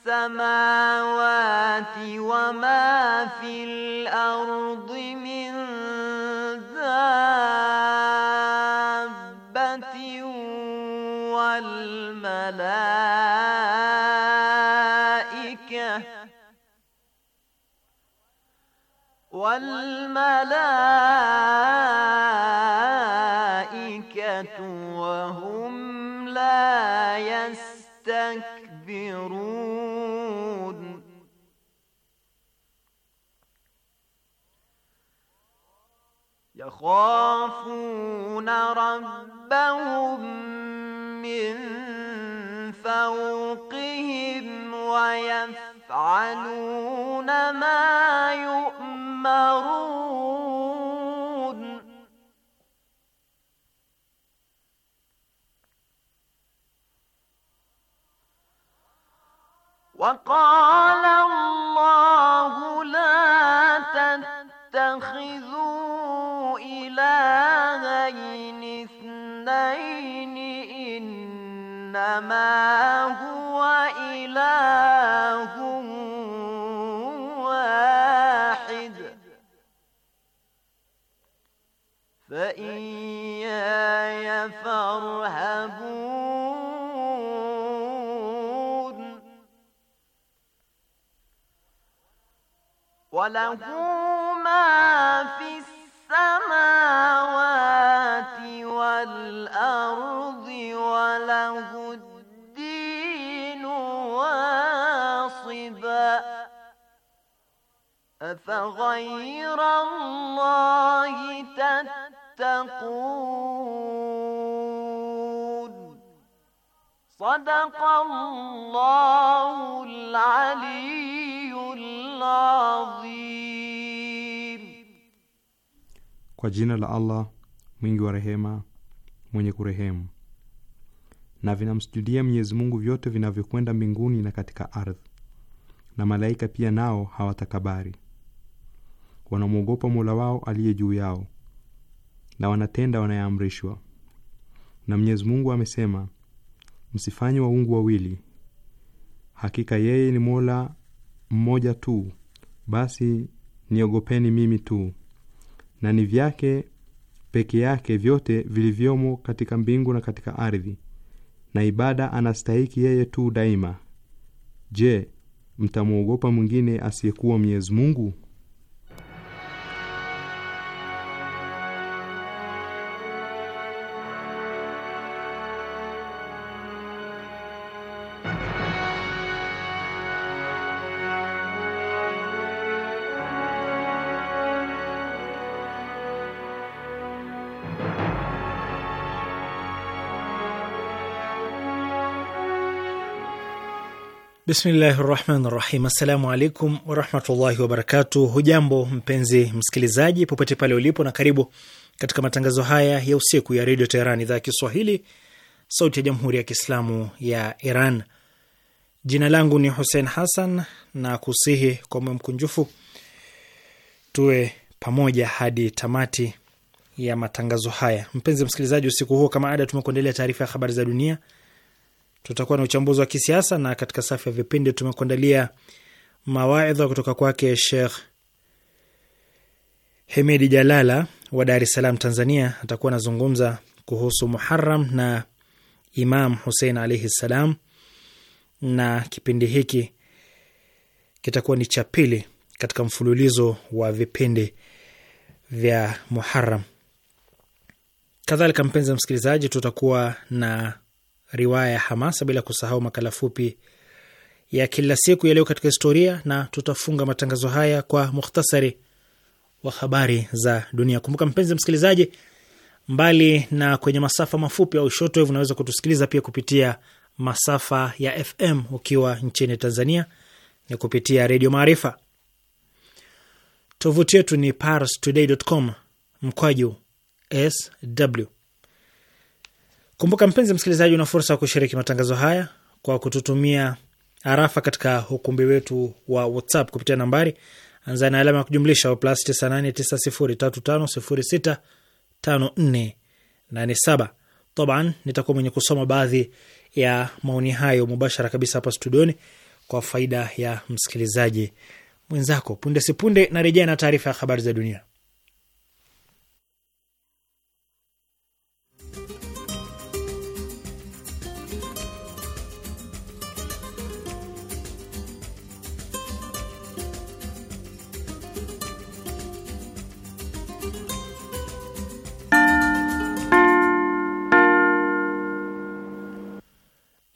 السماوات وما في الأرض من دابة والملائكة والملائكة يخافون ربهم من فوقهم ويفعلون ما يؤمرون وقال الله لا تتخذ هو إله واحد فإياي فارهبون وله ما في Kwa jina la Allah mwingi wa rehema mwenye kurehemu. Na vinamsujudia Mwenyezi Mungu vyote vinavyokwenda mbinguni na katika ardhi, na malaika pia nao hawatakabari wanamwogopa Mola wao aliye juu yao na wanatenda wanayoamrishwa. Na Mwenyezi Mungu amesema, msifanye waungu wawili, hakika yeye ni Mola mmoja tu, basi niogopeni mimi tu, na ni vyake peke yake vyote vilivyomo katika mbingu na katika ardhi, na ibada anastahiki yeye tu daima. Je, mtamwogopa mwingine asiyekuwa Mwenyezi Mungu? Bismillahi rahmani rahim. Assalamu alaikum warahmatullahi wabarakatu. Hujambo mpenzi msikilizaji, popote pale ulipo, na karibu katika matangazo haya ya usiku ya redio Teheran, idhaa ya Kiswahili, sauti ya jamhuri ya kiislamu ya Iran. Jina langu ni Hussein Hassan na kusihi kwa moyo mkunjufu tuwe pamoja hadi tamati ya matangazo haya. Mpenzi msikilizaji, usiku huu kama ada tumekuendelea taarifa ya habari za dunia tutakuwa na uchambuzi wa kisiasa, na katika safu ya vipindi tumekuandalia mawaidha kutoka kwake shekh Hemidi Jalala wa Dar es Salaam, Tanzania. Atakuwa anazungumza kuhusu Muharam na Imam Husein alaihi ssalam, na kipindi hiki kitakuwa ni cha pili katika mfululizo wa vipindi vya Muharam. Kadhalika mpenzi msikilizaji, tutakuwa na riwaya ya Hamasa, bila kusahau makala fupi ya kila siku yaliyo katika historia, na tutafunga matangazo haya kwa mukhtasari wa habari za dunia. Kumbuka mpenzi msikilizaji, mbali na kwenye masafa mafupi au shortwave, unaweza kutusikiliza pia kupitia masafa ya FM ukiwa nchini Tanzania ni kupitia Redio Maarifa. Tovuti yetu ni parstoday.com mkwaju sw Kumbuka mpenzi msikilizaji, una fursa ya kushiriki matangazo haya kwa kututumia arafa katika ukumbi wetu wa WhatsApp kupitia nambari anza na alama ya kujumlisha plus 989035065487. Taban nitakuwa mwenye kusoma baadhi ya maoni hayo mubashara kabisa hapa studioni kwa faida ya msikilizaji mwenzako. Punde sipunde narejea na taarifa ya habari za dunia.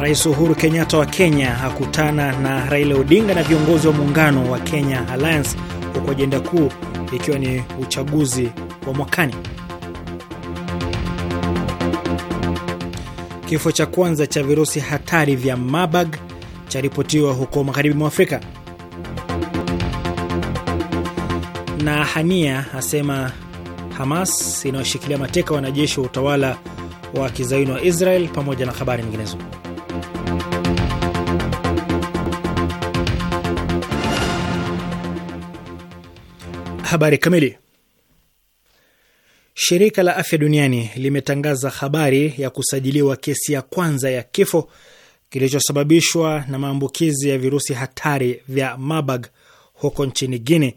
Rais Uhuru Kenyatta wa Kenya akutana na Raila Odinga na viongozi wa muungano wa Kenya Alliance, huku ajenda kuu ikiwa ni uchaguzi wa mwakani. Kifo cha kwanza cha virusi hatari vya Marburg charipotiwa huko magharibi mwa Afrika, na Hania asema Hamas inayoshikilia mateka wanajeshi wa utawala wa kizayuni wa Israel, pamoja na habari nyinginezo. Habari kamili. Shirika la Afya Duniani limetangaza habari ya kusajiliwa kesi ya kwanza ya kifo kilichosababishwa na maambukizi ya virusi hatari vya Marburg huko nchini Guinea,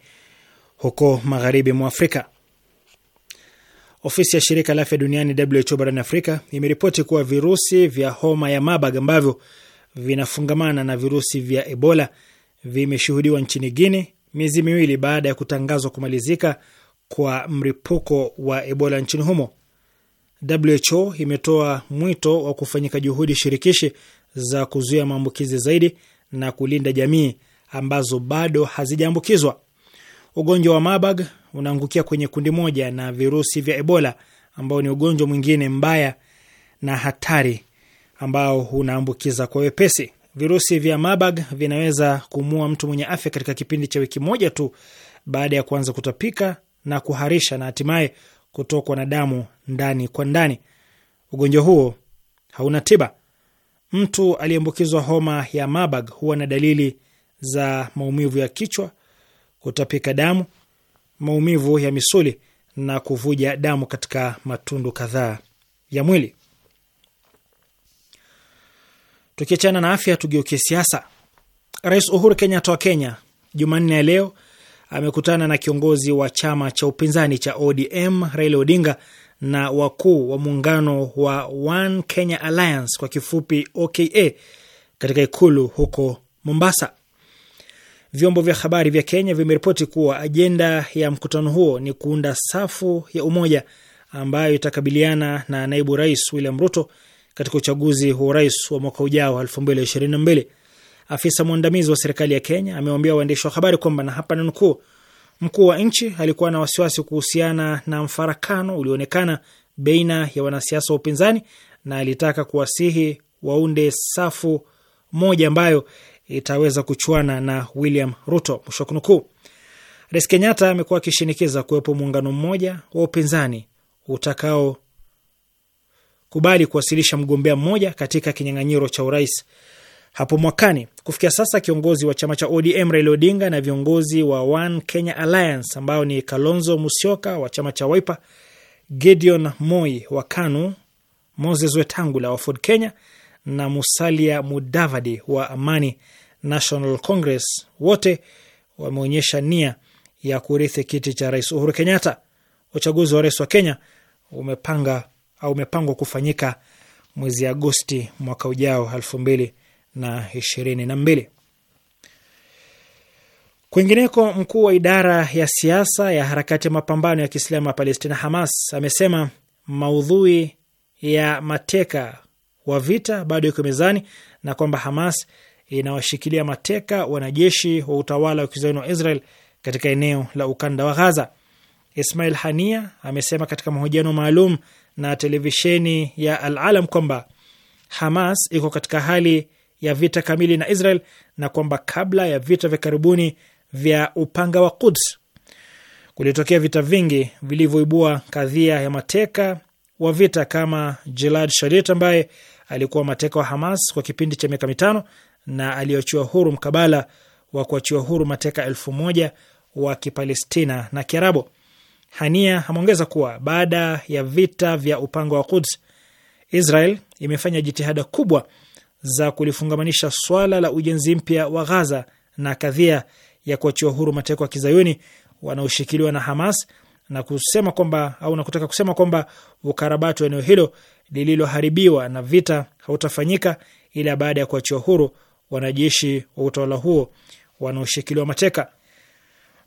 huko magharibi mwa Afrika. Ofisi ya shirika la afya duniani WHO barani Afrika imeripoti kuwa virusi vya homa ya Marburg ambavyo vinafungamana na virusi vya Ebola vimeshuhudiwa nchini Guinea miezi miwili baada ya kutangazwa kumalizika kwa mripuko wa Ebola nchini humo. WHO imetoa mwito wa kufanyika juhudi shirikishi za kuzuia maambukizi zaidi na kulinda jamii ambazo bado hazijaambukizwa. Ugonjwa wa Marburg unaangukia kwenye kundi moja na virusi vya Ebola ambao ni ugonjwa mwingine mbaya na hatari ambao unaambukiza kwa wepesi. Virusi vya Marburg vinaweza kumua mtu mwenye afya katika kipindi cha wiki moja tu baada ya kuanza kutapika na kuharisha na hatimaye kutokwa na damu ndani kwa ndani. Ugonjwa huo hauna tiba. Mtu aliyeambukizwa homa ya Marburg huwa na dalili za maumivu ya kichwa, kutapika damu, maumivu ya misuli na kuvuja damu katika matundu kadhaa ya mwili. Tukiachana na afya, tugeukie siasa. Rais Uhuru Kenyatta wa Kenya Jumanne ya leo amekutana na kiongozi wa chama cha upinzani cha ODM Raila Odinga na wakuu wa muungano wa One Kenya Alliance kwa kifupi OKA katika ikulu huko Mombasa. Vyombo vya habari vya Kenya vimeripoti kuwa ajenda ya mkutano huo ni kuunda safu ya umoja ambayo itakabiliana na naibu rais William Ruto katika uchaguzi wa urais wa mwaka ujao 2022. Afisa mwandamizi wa serikali ya Kenya amewaambia waandishi wa habari kwamba, na hapa nanukuu, mkuu wa nchi alikuwa na wasiwasi kuhusiana na mfarakano ulioonekana baina ya wanasiasa wa upinzani na alitaka kuwasihi waunde safu moja ambayo itaweza kuchuana na William Ruto, mwisho wa kunukuu. Rais Kenyatta amekuwa akishinikiza kuwepo muungano mmoja wa upinzani utakao kubali kuwasilisha mgombea mmoja katika kinyang'anyiro cha urais hapo mwakani. Kufikia sasa kiongozi wa chama cha ODM Raila Odinga na viongozi wa One Kenya Alliance ambao ni Kalonzo Musyoka wa chama cha Wiper, Gideon Moi wa KANU, Moses Wetangula wa Ford Kenya na Musalia Mudavadi wa Amani National Congress wote wameonyesha nia ya kurithi kiti cha Rais Uhuru Kenyatta. Uchaguzi wa rais wa Kenya umepanga au umepangwa kufanyika mwezi Agosti mwaka ujao elfu mbili na ishirini na mbili. Kwingineko, mkuu wa idara ya siasa ya harakati ya mapambano ya Kiislamu ya Palestina, Hamas, amesema maudhui ya mateka wa vita bado iko mezani na kwamba Hamas inawashikilia mateka wanajeshi wa utawala wa kizayuni wa Israel katika eneo la ukanda wa Ghaza. Ismail Hania amesema katika mahojiano maalum na televisheni ya Al Alam kwamba Hamas iko katika hali ya vita kamili na Israel na kwamba kabla ya vita vya karibuni vya upanga wa Quds kulitokea vita vingi vilivyoibua kadhia ya mateka wa vita kama Gilad Shalit ambaye alikuwa mateka wa Hamas kwa kipindi cha miaka mitano na aliyoachiwa huru mkabala wa kuachiwa huru mateka elfu moja wa Kipalestina na Kiarabu. Hania ameongeza kuwa baada ya vita vya upango wa Quds, Israel imefanya jitihada kubwa za kulifungamanisha swala la ujenzi mpya wa Ghaza na kadhia ya kuachiwa huru mateka wa kizayuni wanaoshikiliwa na Hamas na kusema kwamba au na kutaka kusema kwamba ukarabati wa eneo hilo lililoharibiwa na vita hautafanyika ila baada ya kuachiwa huru wanajeshi wa utawala huo wanaoshikiliwa mateka.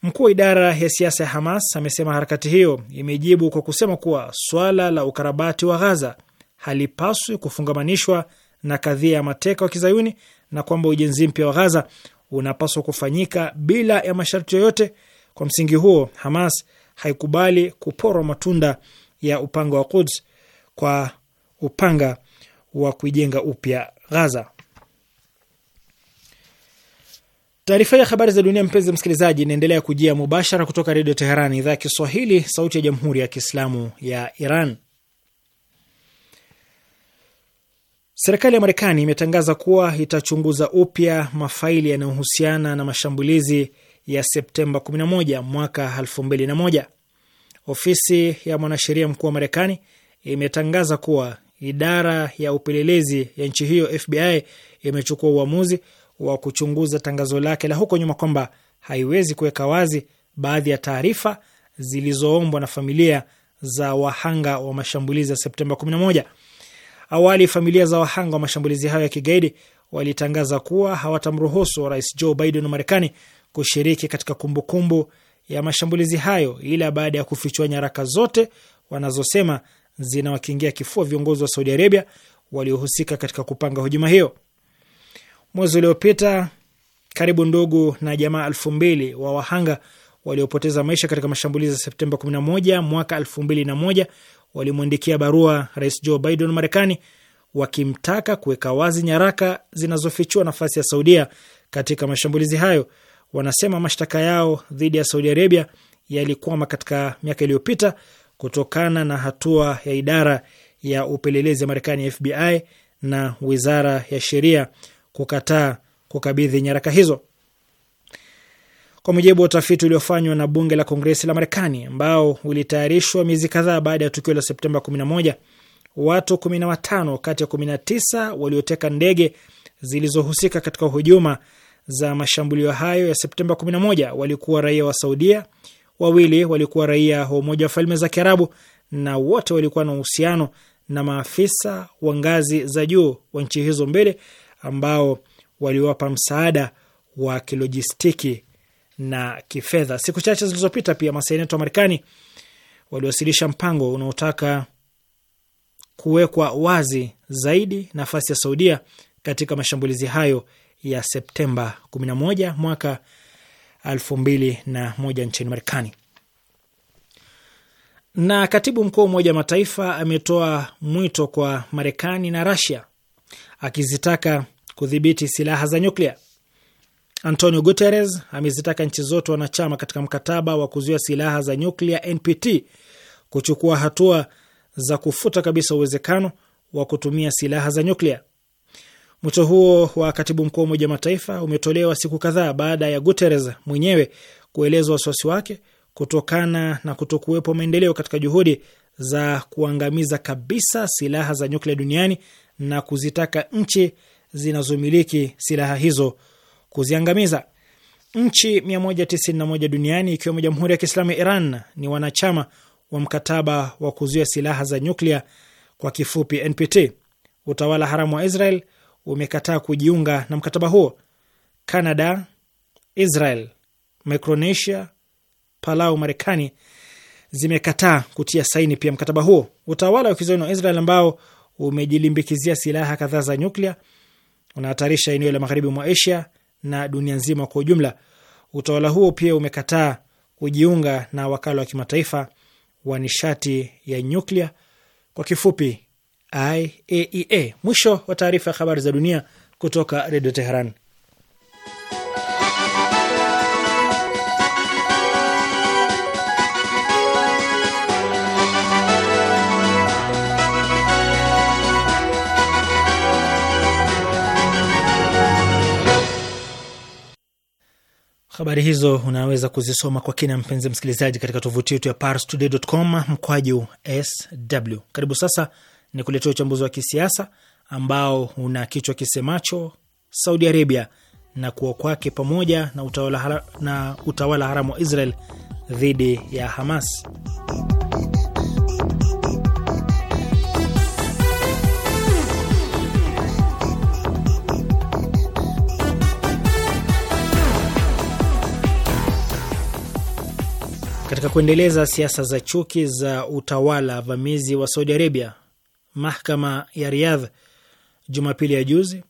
Mkuu wa idara ya siasa ya Hamas amesema harakati hiyo imejibu kwa kusema kuwa swala la ukarabati wa Ghaza halipaswi kufungamanishwa na kadhia ya mateka wa kizayuni na kwamba ujenzi mpya wa Ghaza unapaswa kufanyika bila ya masharti yoyote. Kwa msingi huo, Hamas haikubali kuporwa matunda ya upanga wa Quds kwa upanga wa kuijenga upya Ghaza. Taarifa ya habari za dunia, mpenzi msikilizaji, inaendelea kujia mubashara kutoka Redio Teheran, idhaa ya Kiswahili, sauti ya Jamhuri ya Kiislamu ya Iran. Serikali ya Marekani imetangaza kuwa itachunguza upya mafaili yanayohusiana na mashambulizi ya Septemba 11 mwaka 2001. Ofisi ya mwanasheria mkuu wa Marekani imetangaza kuwa idara ya upelelezi ya nchi hiyo FBI imechukua uamuzi wa kuchunguza tangazo lake la huko nyuma kwamba haiwezi kuweka wazi baadhi ya taarifa zilizoombwa na familia za wahanga wa mashambulizi ya Septemba 11. Awali familia za wahanga wa mashambulizi hayo ya kigaidi walitangaza kuwa hawatamruhusu Rais Joe Biden wa Marekani kushiriki katika kumbukumbu kumbu ya mashambulizi hayo, ila baada ya kufichua nyaraka zote wanazosema zinawakingia kifua viongozi wa Saudi Arabia waliohusika katika kupanga hujuma hiyo. Mwezi uliopita karibu ndugu na jamaa elfu mbili wa wahanga waliopoteza maisha katika mashambulizi ya Septemba 11 mwaka 2001 walimwandikia barua Rais Joe Biden Marekani wakimtaka kuweka wazi nyaraka zinazofichua nafasi ya Saudia katika mashambulizi hayo. Wanasema mashtaka yao dhidi ya Saudi Arabia yalikwama katika miaka iliyopita kutokana na hatua ya idara ya upelelezi ya Marekani ya FBI na wizara ya sheria kukataa kukabidhi nyaraka hizo. Kwa mujibu wa utafiti uliofanywa na bunge la Kongresi la Marekani ambao ulitayarishwa miezi kadhaa baada ya tukio la Septemba 11, watu 15 kati ya 19 walioteka ndege zilizohusika katika hujuma za mashambulio hayo ya Septemba 11 walikuwa raia wa Saudia, wawili walikuwa raia wa Umoja wa Falme za Kiarabu na wote walikuwa na uhusiano na maafisa wa ngazi za juu wa nchi hizo mbili ambao waliwapa msaada wa kilojistiki na kifedha. Siku chache zilizopita, pia maseneta wa Marekani waliwasilisha mpango unaotaka kuwekwa wazi zaidi nafasi ya Saudia katika mashambulizi hayo ya Septemba 11 mwaka 2001 nchini Marekani. Na katibu mkuu wa Umoja wa Mataifa ametoa mwito kwa Marekani na Rasia akizitaka kudhibiti silaha za nyuklia. Antonio Guterres amezitaka nchi zote wanachama katika mkataba wa kuzuia silaha za nyuklia NPT kuchukua hatua za kufuta kabisa uwezekano wa kutumia silaha za nyuklia. Mwito huo wa katibu mkuu wa Umoja Mataifa umetolewa siku kadhaa baada ya Guterres mwenyewe kueleza wasiwasi wake kutokana na kutokuwepo maendeleo katika juhudi za kuangamiza kabisa silaha za nyuklia duniani na kuzitaka nchi zinazomiliki silaha hizo kuziangamiza. Nchi 191 duniani ikiwemo Jamhuri ya Kiislamu ya Iran ni wanachama wa mkataba wa kuzuia silaha za nyuklia kwa kifupi NPT. Utawala haramu wa Israel umekataa kujiunga na mkataba huo. Canada, Israel, Micronesia, Palau, Marekani zimekataa kutia saini pia mkataba huo. Utawala wa kizayuni wa Israel ambao umejilimbikizia silaha kadhaa za nyuklia unahatarisha eneo la magharibi mwa Asia na dunia nzima kwa ujumla. Utawala huo pia umekataa kujiunga na wakala wa kimataifa wa nishati ya nyuklia kwa kifupi IAEA. E Mwisho wa taarifa ya habari za dunia kutoka Redio Teheran. Habari hizo unaweza kuzisoma kwa kina, mpenzi msikilizaji, katika tovuti yetu ya parstoday.com mkwaju sw. Karibu sasa ni kuletea uchambuzi wa kisiasa ambao una kichwa kisemacho Saudi Arabia na kuwa kwake pamoja na utawala, na utawala haramu wa Israel dhidi ya Hamas. Katika kuendeleza siasa za chuki za utawala vamizi wa Saudi Arabia, mahakama ya Riyadh Jumapili ya juzi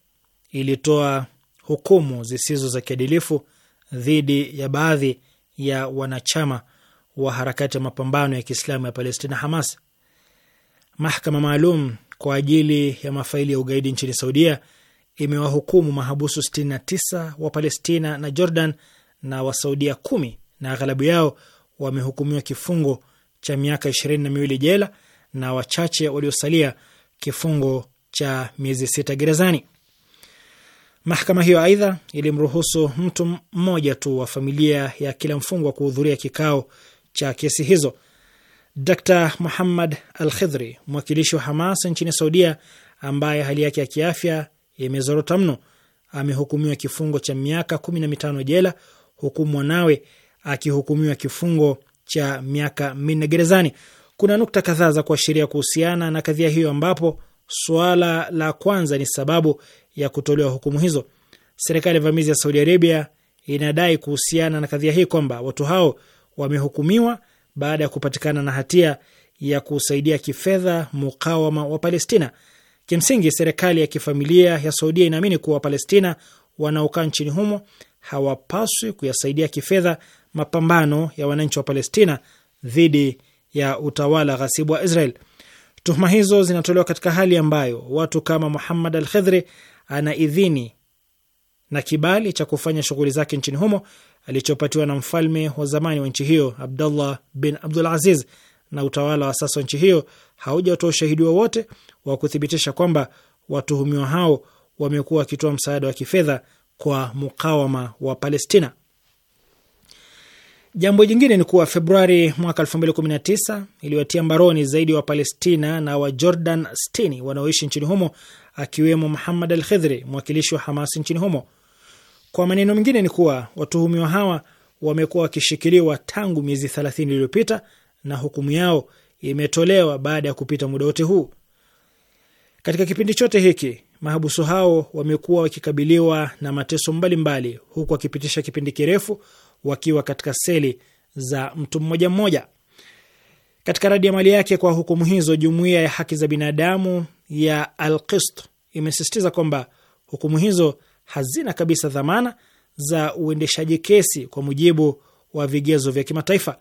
ilitoa hukumu zisizo za kiadilifu dhidi ya baadhi ya wanachama wa harakati ya mapambano ya Kiislamu ya Palestina, Hamas. Mahakama maalum kwa ajili ya mafaili ya ugaidi nchini Saudia imewahukumu mahabusu 69 wa Palestina na Jordan na Wasaudia kumi na aghalabu yao wamehukumiwa kifungo cha miaka ishirini na miwili jela na wachache waliosalia kifungo cha miezi sita gerezani. Mahakama hiyo aidha ilimruhusu mtu mmoja tu wa familia ya kila mfungwa kuhudhuria kikao cha kesi hizo. Dr Muhammad Al Khidhri, mwakilishi wa Hamas nchini Saudia, ambaye hali yake ya kiafya imezorota mno, amehukumiwa kifungo cha miaka kumi na mitano jela, huku mwanawe akihukumiwa kifungo cha miaka minne gerezani. Kuna nukta kadhaa za kuashiria kuhusiana na kadhia hiyo, ambapo suala la kwanza ni sababu ya kutolewa hukumu hizo. Serikali ya vamizi ya Saudi Arabia inadai kuhusiana na kadhia hii kwamba watu hao wamehukumiwa baada ya kupatikana na hatia ya kusaidia kifedha mukawama wa Palestina. Kimsingi, serikali ya kifamilia ya Saudia inaamini kuwa Wapalestina wanaokaa nchini humo hawapaswi kuyasaidia kifedha mapambano ya wananchi wa Palestina dhidi ya utawala ghasibu wa Israel. Tuhuma hizo zinatolewa katika hali ambayo watu kama Muhammad al Khidhri ana idhini na kibali cha kufanya shughuli zake nchini humo alichopatiwa na mfalme wa zamani wa nchi hiyo Abdullah bin Abdul Aziz, na utawala wa sasa wa nchi hiyo haujatoa ushahidi wowote wa kuthibitisha kwamba watuhumiwa hao wamekuwa wakitoa msaada wa kifedha kwa mukawama wa Palestina. Jambo jingine ni kuwa Februari mwaka 2019 iliwatia mbaroni zaidi ya wa Wapalestina na Wajordan 60 wanaoishi nchini humo akiwemo Muhammad al Khidhri, mwakilishi wa Hamas nchini humo. Kwa maneno mengine ni kuwa watuhumiwa hawa wamekuwa wakishikiliwa tangu miezi 30 iliyopita na hukumu yao imetolewa baada ya kupita muda wote huu. Katika kipindi chote hiki mahabusu hao wamekuwa wakikabiliwa na mateso mbalimbali mbali, huku wakipitisha kipindi kirefu wakiwa katika seli za mtu mmoja mmoja. Katika radi ya mali yake kwa hukumu hizo, jumuiya ya haki za binadamu ya Alqist imesisitiza kwamba hukumu hizo hazina kabisa dhamana za uendeshaji kesi kwa mujibu wa vigezo vya kimataifa.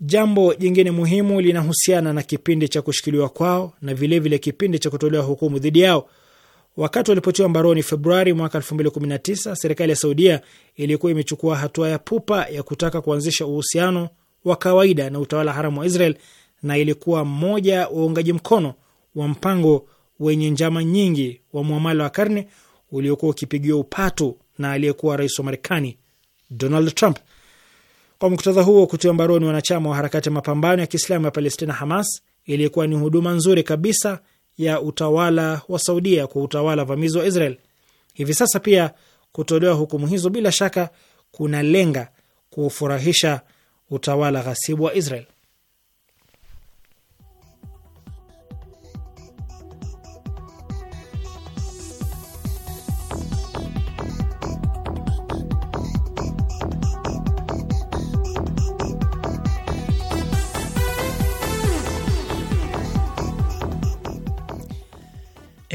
Jambo jingine muhimu linahusiana na kipindi cha kushikiliwa kwao na vilevile vile kipindi cha kutolewa hukumu dhidi yao. Wakati walipotiwa mbaroni Februari mwaka 2019, serikali ya Saudia ilikuwa imechukua hatua ya pupa ya kutaka kuanzisha uhusiano wa kawaida na utawala haramu wa Israel na ilikuwa mmoja wa uungaji mkono wa mpango wenye njama nyingi wa mwamala wa karne uliokuwa ukipigiwa upatu na aliyekuwa rais wa Marekani Donald Trump. Kwa muktadha huo, kutiwa mbaroni wanachama wa harakati ya mapambano ya Kiislamu ya Palestina, Hamas, ilikuwa ni huduma nzuri kabisa ya utawala wa Saudia kwa utawala vamizi wa Israel. Hivi sasa pia kutolewa hukumu hizo bila shaka kuna lenga kuufurahisha utawala ghasibu wa Israel.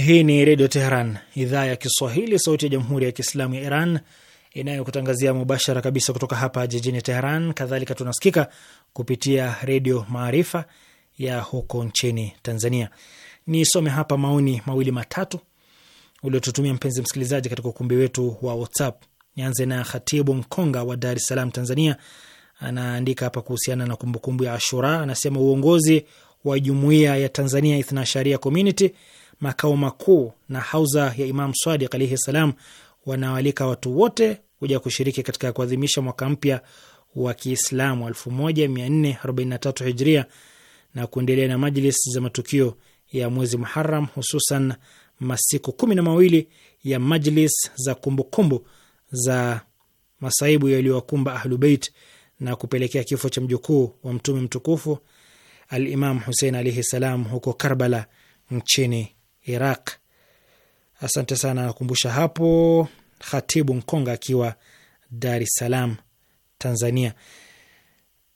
Hii ni Redio Teheran, idhaa ya Kiswahili, sauti ya Jamhuri ya Kiislamu ya Iran, inayokutangazia mubashara kabisa kutoka hapa jijini Teheran. Kadhalika tunasikika kupitia Redio Maarifa ya huko nchini Tanzania. Nisome hapa maoni mawili matatu uliotutumia mpenzi msikilizaji katika ukumbi wetu wa WhatsApp. Nianze na Khatibu Mkonga wa Dar es Salaam, Tanzania. Anaandika hapa kuhusiana na kumbukumbu ya Ashura, anasema uongozi wa jumuiya ya Tanzania Ithna Sharia Community makao makuu na hauza ya Imam Sadiq alaihi salam, wanawaalika watu wote kuja kushiriki katika kuadhimisha mwaka mpya wa Kiislamu 1443 hijria na kuendelea na majlis za matukio ya mwezi Muharam, hususan masiku kumi na mawili ya majlis za kumbukumbu kumbu za masaibu yaliyowakumba Ahlubeit na kupelekea kifo cha mjukuu wa Mtume mtukufu Alimam Husein alaihi salam huko Karbala nchini Iraq. Asante sana, nakumbusha hapo Khatibu Mkonga akiwa Dar es Salaam, Tanzania.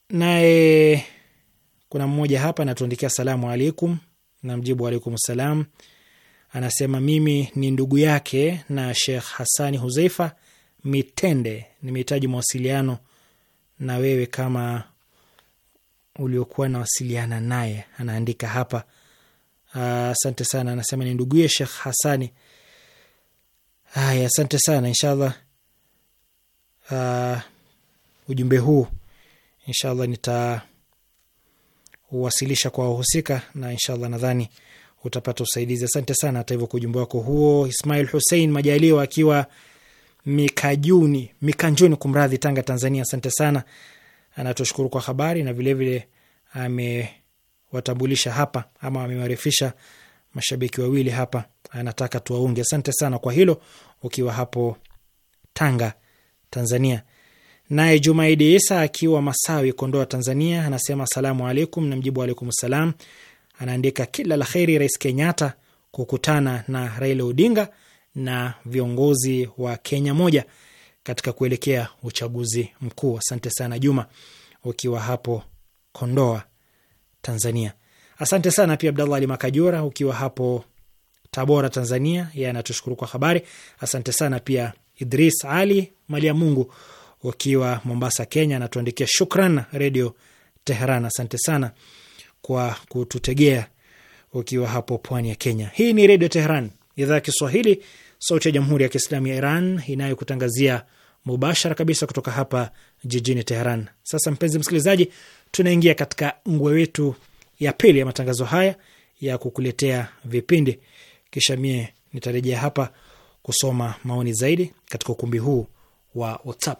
Naye kuna mmoja hapa anatuandikia salamu alaikum, namjibu alaikum salam. Anasema mimi ni ndugu yake na Shekh Hasani Huzeifa Mitende, nimehitaji mawasiliano na wewe kama uliokuwa nawasiliana naye. Anaandika hapa Ah, asante sana, anasema ni nduguye shekh Hasani. Haya, asante sana. Inshallah ah, ujumbe huu inshallah nitauwasilisha kwa wahusika na inshallah nadhani utapata usaidizi. Asante sana hata hivyo kwa ujumbe wako huo. Ismail Hussein Majaliwa akiwa Mikajuni, Mikanjuni, kumradhi, Tanga, Tanzania. Asante sana, anatushukuru kwa habari na vilevile ame watambulisha hapa ama wamewarefisha mashabiki wawili hapa, anataka tuwaunge. Asante sana kwa hilo, ukiwa hapo Tanga, Tanzania. Naye Jumaidi Isa akiwa Masawi, Kondoa, Tanzania, anasema asalamu alaikum, na mjibu alaikum salam. Anaandika kila la kheri Rais Kenyatta kukutana na Raila Odinga na viongozi wa Kenya moja katika kuelekea uchaguzi mkuu. Asante sana Juma, ukiwa hapo Kondoa, Tanzania. Asante sana pia Abdallah Ali Makajura ukiwa hapo Tabora, Tanzania, yeye anatushukuru kwa habari. Asante sana pia Idris Ali Malia Mungu ukiwa Mombasa, Kenya, anatuandikia shukran Redio Teheran. Asante sana kwa kututegea ukiwa hapo pwani ya Kenya. Hii ni Redio Teheran, idhaa ya Kiswahili, sauti ya Jamhuri ya Kiislamu ya Iran inayokutangazia mubashara kabisa kutoka hapa jijini Teheran. Sasa mpenzi msikilizaji tunaingia katika ngwe wetu ya pili ya matangazo haya ya kukuletea vipindi, kisha mie nitarejea hapa kusoma maoni zaidi katika ukumbi huu wa WhatsApp.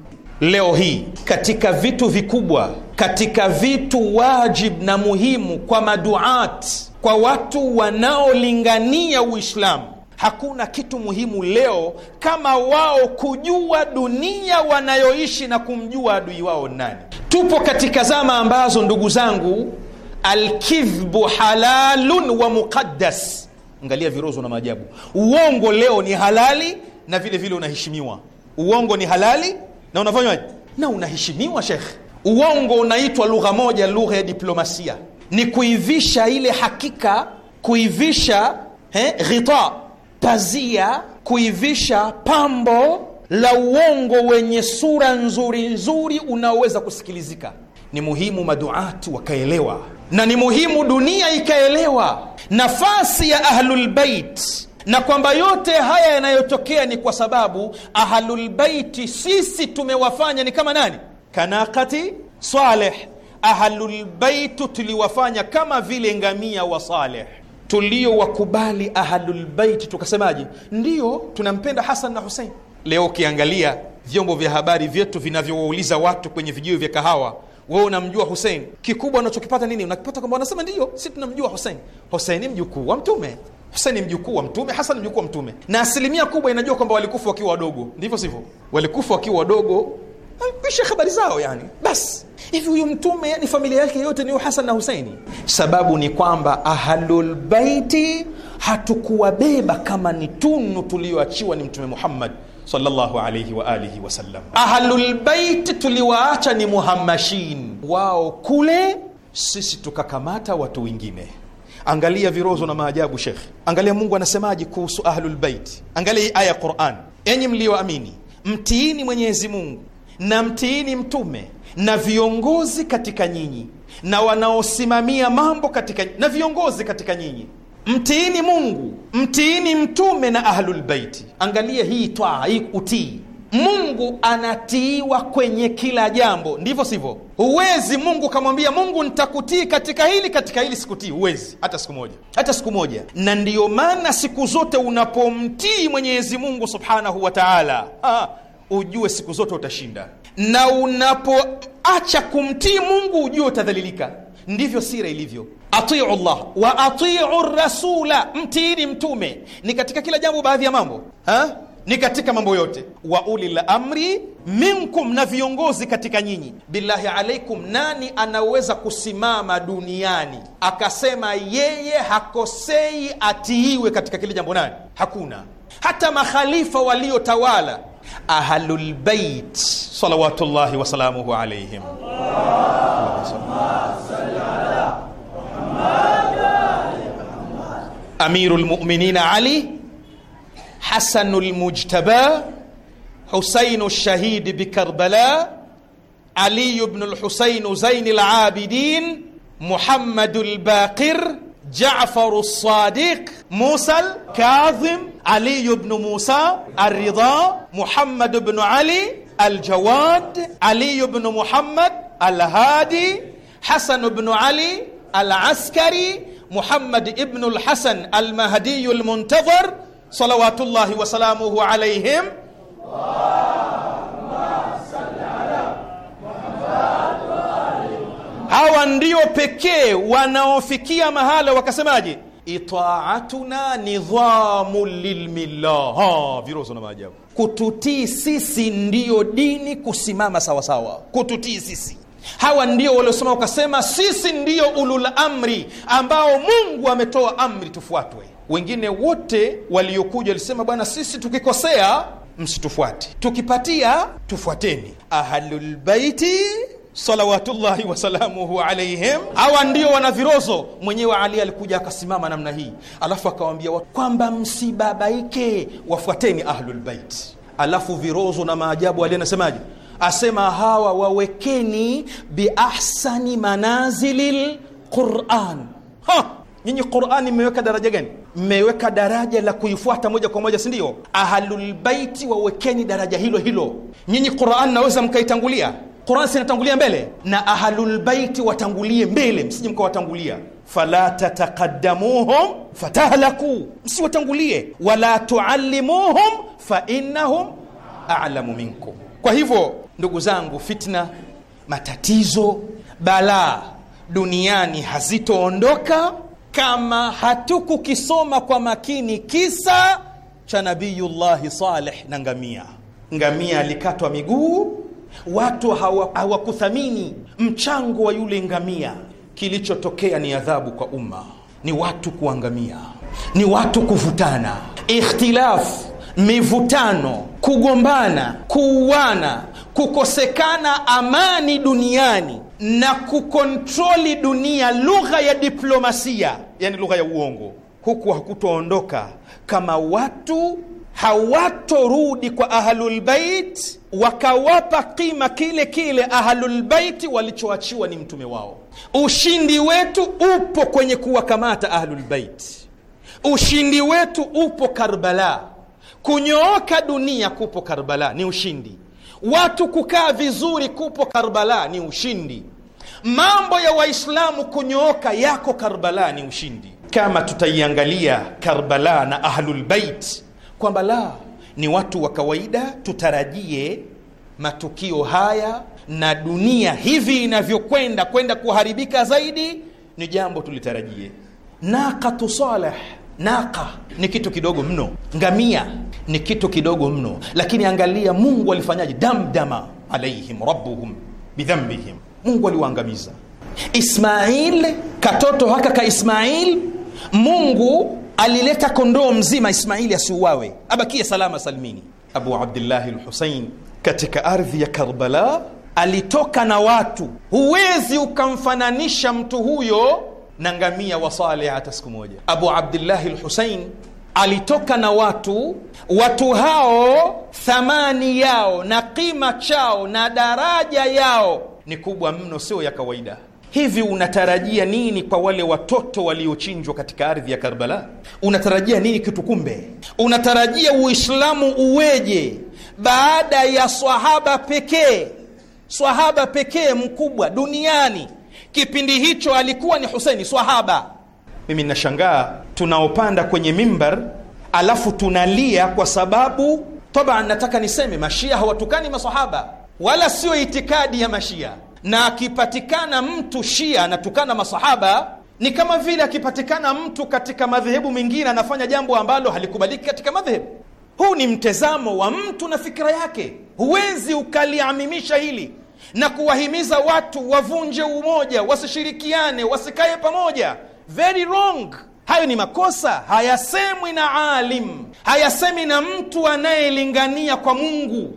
leo hii katika vitu vikubwa, katika vitu wajib na muhimu kwa maduat, kwa watu wanaolingania Uislamu, hakuna kitu muhimu leo kama wao kujua dunia wanayoishi na kumjua adui wao nani. Tupo katika zama ambazo, ndugu zangu, alkidhbu halalun wa muqaddas. Angalia virozo na maajabu. Uongo leo ni halali na vile vile unaheshimiwa. Uongo ni halali na unafanywaje na unaheshimiwa shekh Uongo unaitwa lugha moja, lugha ya diplomasia ni kuivisha ile hakika, kuivisha eh, ghita pazia, kuivisha pambo la uongo wenye sura nzuri nzuri unaoweza kusikilizika. Ni muhimu maduati wakaelewa, na ni muhimu dunia ikaelewa nafasi ya Ahlulbeit na kwamba yote haya yanayotokea ni kwa sababu ahlulbaiti sisi tumewafanya ni kama nani? Kanakati Saleh. Ahlulbaitu tuliwafanya kama vile ngamia wa Saleh, tuliowakubali ahlulbaiti tukasemaje? Ndiyo, tunampenda Hasan na Husein. Leo ukiangalia vyombo vya habari vyetu vinavyowauliza watu kwenye vijio vya kahawa wewe unamjua Husein? Kikubwa unachokipata nini? Unakipata kwamba wanasema ndiyo, si tunamjua Husein. Husein ni mjukuu wa Mtume. Husein ni mjukuu wa Mtume, Hasan ni mjukuu wa Mtume, na asilimia kubwa inajua kwamba walikufa wakiwa wadogo, ndivyo sivyo? Walikufa wakiwa wadogo, kisha habari zao yani basi hivi. Huyu Mtume yani familia yake yote ni Hasan na Huseini. Sababu ni kwamba ahlulbaiti hatukuwabeba kama ni tunu tuliyoachiwa ni Mtume Muhammad sallallahu alayhi wa alihi wasallam. Ahlulbaiti tuliwaacha ni muhammashin wao kule, sisi tukakamata watu wengine Angalia virozo na maajabu shekh angalia Mungu anasemaje kuhusu ahlul Angalia Angalia aya ya Qur'an, enyi mlioamini, mtiini Mwenyezi Mungu na mtiini mtume na viongozi katika nyinyi na wanaosimamia mambo katika na viongozi katika nyinyi. Mtiini Mungu, mtiini mtume na ahlulbeiti Angalia hii twaa, hii utii Mungu anatiiwa kwenye kila jambo, ndivyo sivyo? Huwezi Mungu kamwambia Mungu, nitakutii katika hili, katika hili sikutii. Huwezi hata siku moja, hata siku moja. Na ndiyo maana siku zote unapomtii Mwenyezi Mungu subhanahu wa taala, ujue siku zote utashinda, na unapoacha kumtii Mungu ujue utadhalilika. Ndivyo sira ilivyo. Atiu llah wa atiu rasula, mtiini mtume ni katika kila jambo, baadhi ya mambo ha? ni katika mambo yote. Wa ulil amri minkum, na viongozi katika nyinyi. Billahi alaikum, nani anaweza kusimama duniani akasema yeye hakosei atiiwe katika kile jambo? Nani? Hakuna. Hata makhalifa waliotawala Ahlulbeit salawatullahi wasalamuhu alaihim amirulmuminina Ali حسن المجتبى حسين الشهيد بكربلاء علي بن الحسين زين العابدين محمد الباقر جعفر الصادق موسى الكاظم علي بن موسى الرضا محمد بن علي الجواد علي بن محمد الهادي حسن بن علي العسكري محمد ابن الحسن المهدي المنتظر salawatullahi wasalamuhu alaihim hawa ndio pekee wanaofikia mahala wakasemaje, itaatuna nidhamu lilmillah. viroso na maajabu. Kututii sisi ndiyo dini kusimama sawasawa, kututii sisi. Hawa ndio waliosema wakasema, sisi ndiyo ulul amri ambao Mungu ametoa amri tufuatwe. Wengine wote waliokuja walisema, bwana, sisi tukikosea msitufuate, tukipatia tufuateni. Ahlulbaiti salawatullahi wasalamuhu alaihim, hawa ndio wana virozo. Mwenyewe Ali alikuja akasimama namna hii, alafu akawaambia watu kwamba msibabaike, wafuateni ahlulbaiti. Alafu virozo na maajabu, Ali anasemaje? Asema hawa wawekeni biahsani manazili lquran Nyinyi Qur'ani mmeweka daraja gani? Mmeweka daraja la kuifuata moja kwa moja, si ndio? wawekeni daraja hilo hilo. Nyinyi Qur'ani naweza mkaitangulia Qur'an, sinatangulia mbele na ahlulbaiti watangulie mbele, msije mkawatangulia. Fala tataqaddamuhum fatahlaku, msiwatangulie. Wala tuallimuhum fa innahum a'lamu minkum. Kwa hivyo ndugu zangu, fitna, matatizo, balaa duniani hazitoondoka kama hatukukisoma kwa makini kisa cha Nabiyullahi Saleh na ngamia. Ngamia alikatwa miguu, watu hawakuthamini hawa mchango wa yule ngamia. Kilichotokea ni adhabu kwa umma, ni watu kuangamia, ni watu kuvutana, ikhtilafu, mivutano, kugombana, kuuana kukosekana amani duniani na kukontroli dunia, lugha ya diplomasia, yani lugha ya uongo, huku hakutoondoka kama watu hawatorudi kwa Ahlulbeit wakawapa kima kile kile Ahlulbeiti walichoachiwa ni mtume wao. Ushindi wetu upo kwenye kuwakamata Ahlulbeiti, ushindi wetu upo Karbala. Kunyooka dunia kupo Karbala, ni ushindi Watu kukaa vizuri kupo Karbala ni ushindi. Mambo ya Waislamu kunyooka yako Karbala ni ushindi. Kama tutaiangalia Karbala na Ahlulbeit kwamba la ni watu wa kawaida, tutarajie matukio haya na dunia hivi inavyokwenda kwenda kuharibika zaidi, ni jambo tulitarajie. Naqatu Saleh Naqa ni kitu kidogo mno, ngamia ni kitu kidogo mno, lakini angalia Mungu alifanyaje? Damdama alaihim rabuhum bidhambihim, Mungu aliwaangamiza. Ismail katoto haka ka Ismail, Mungu alileta kondoo mzima Ismaili asiuawe, abakie salama salmini. Abu Abdillahi Lhusein katika ardhi ya Karbala alitoka na watu, huwezi ukamfananisha mtu huyo na ngamia wa Saleh hata siku moja. Abu Abdillahi Lhusein alitoka na watu, watu hao thamani yao na kima chao na daraja yao ni kubwa mno, sio ya kawaida. Hivi unatarajia nini kwa wale watoto waliochinjwa katika ardhi ya Karbala? Unatarajia nini kitu? Kumbe unatarajia Uislamu uweje baada ya swahaba pekee, swahaba pekee mkubwa duniani Kipindi hicho alikuwa ni huseni swahaba. Mimi ninashangaa tunaopanda kwenye mimbar alafu tunalia kwa sababu toba. nataka niseme mashia hawatukani masahaba, wala sio itikadi ya mashia. Na akipatikana mtu shia anatukana masahaba, ni kama vile akipatikana mtu katika madhehebu mengine anafanya jambo ambalo halikubaliki katika madhehebu. Huu ni mtazamo wa mtu na fikira yake, huwezi ukaliamimisha hili na kuwahimiza watu wavunje umoja, wasishirikiane, wasikae pamoja. Very wrong. Hayo ni makosa, hayasemwi na alim, hayasemi na mtu anayelingania kwa Mungu.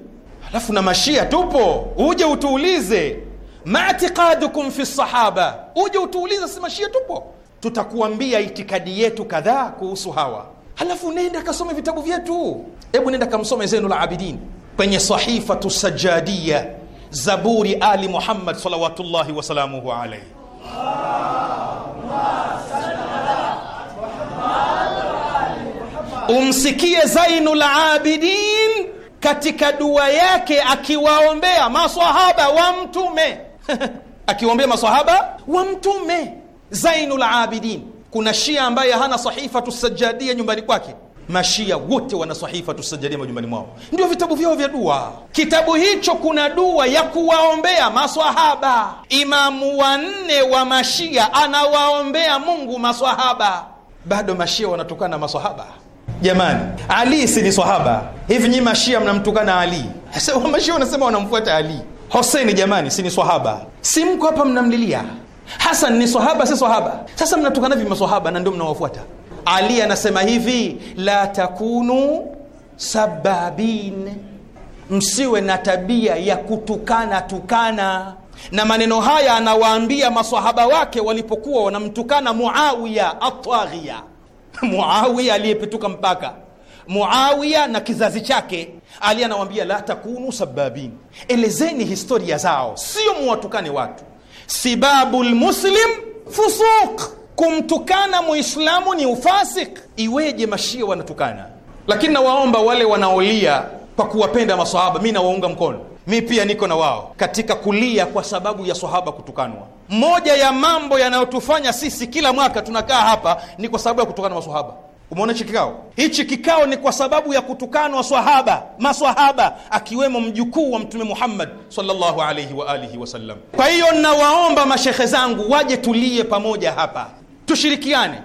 Alafu na Mashia tupo, uje utuulize matiqadukum fi sahaba, uje utuulize, si Mashia tupo, tutakuambia itikadi yetu kadhaa kuhusu hawa. Halafu nenda kasome vitabu vyetu, hebu nenda kamsome Zainul Abidin kwenye Sahifatu sajadia Zaburi Ali Muhammad salawatullahi wasalamuhu alaihi. Umsikie Zainul Abidin katika dua yake akiwaombea maswahaba wa Mtume akiwaombea maswahaba wa Mtume Zainul Abidin. Kuna Shia ambaye hana sahifatu sajadia nyumbani kwake Mashia wote wana sahifa tusajalia majumbani mwao, ndio vitabu vyao vya dua. Kitabu hicho kuna dua ya kuwaombea maswahaba. Imamu wanne wa Mashia anawaombea Mungu maswahaba. Bado Mashia wanatukana na maswahaba. Jamani, Ali si ni swahaba? Hivi nyi Mashia mnamtukana Ali? Mashia wanasema wanamfuata Ali. Hoseni jamani, si ni swahaba? Si mko hapa mnamlilia Hasan ni swahaba, si swahaba? Sasa mnatukana hivi maswahaba na ndio mnawafuata. Ali anasema hivi, la takunu sababin, msiwe na tabia ya kutukana tukana. Na maneno haya anawaambia masahaba wake walipokuwa wanamtukana Muawiya atwaghia, Muawiya aliyepituka mpaka Muawiya na kizazi chake. Ali anawaambia la takunu sababin, elezeni historia zao, sio muwatukane watu. Sibabu lmuslim fusuq kumtukana muislamu ni ufasik. Iweje mashia wanatukana? Lakini nawaomba wale wanaolia kwa kuwapenda masahaba, mi nawaunga mkono, mi pia niko na wao katika kulia kwa sababu ya sahaba kutukanwa. Moja ya mambo yanayotufanya sisi kila mwaka tunakaa hapa ni kwa sababu ya kutukana masahaba. Umeona hichi kikao, hichi kikao ni kwa sababu ya kutukanwa swahaba, maswahaba akiwemo mjukuu wa Mtume Muhammad sallallahu alaihi wa alihi wasallam. Kwa hiyo nawaomba mashehe zangu waje tulie pamoja hapa tushirikiane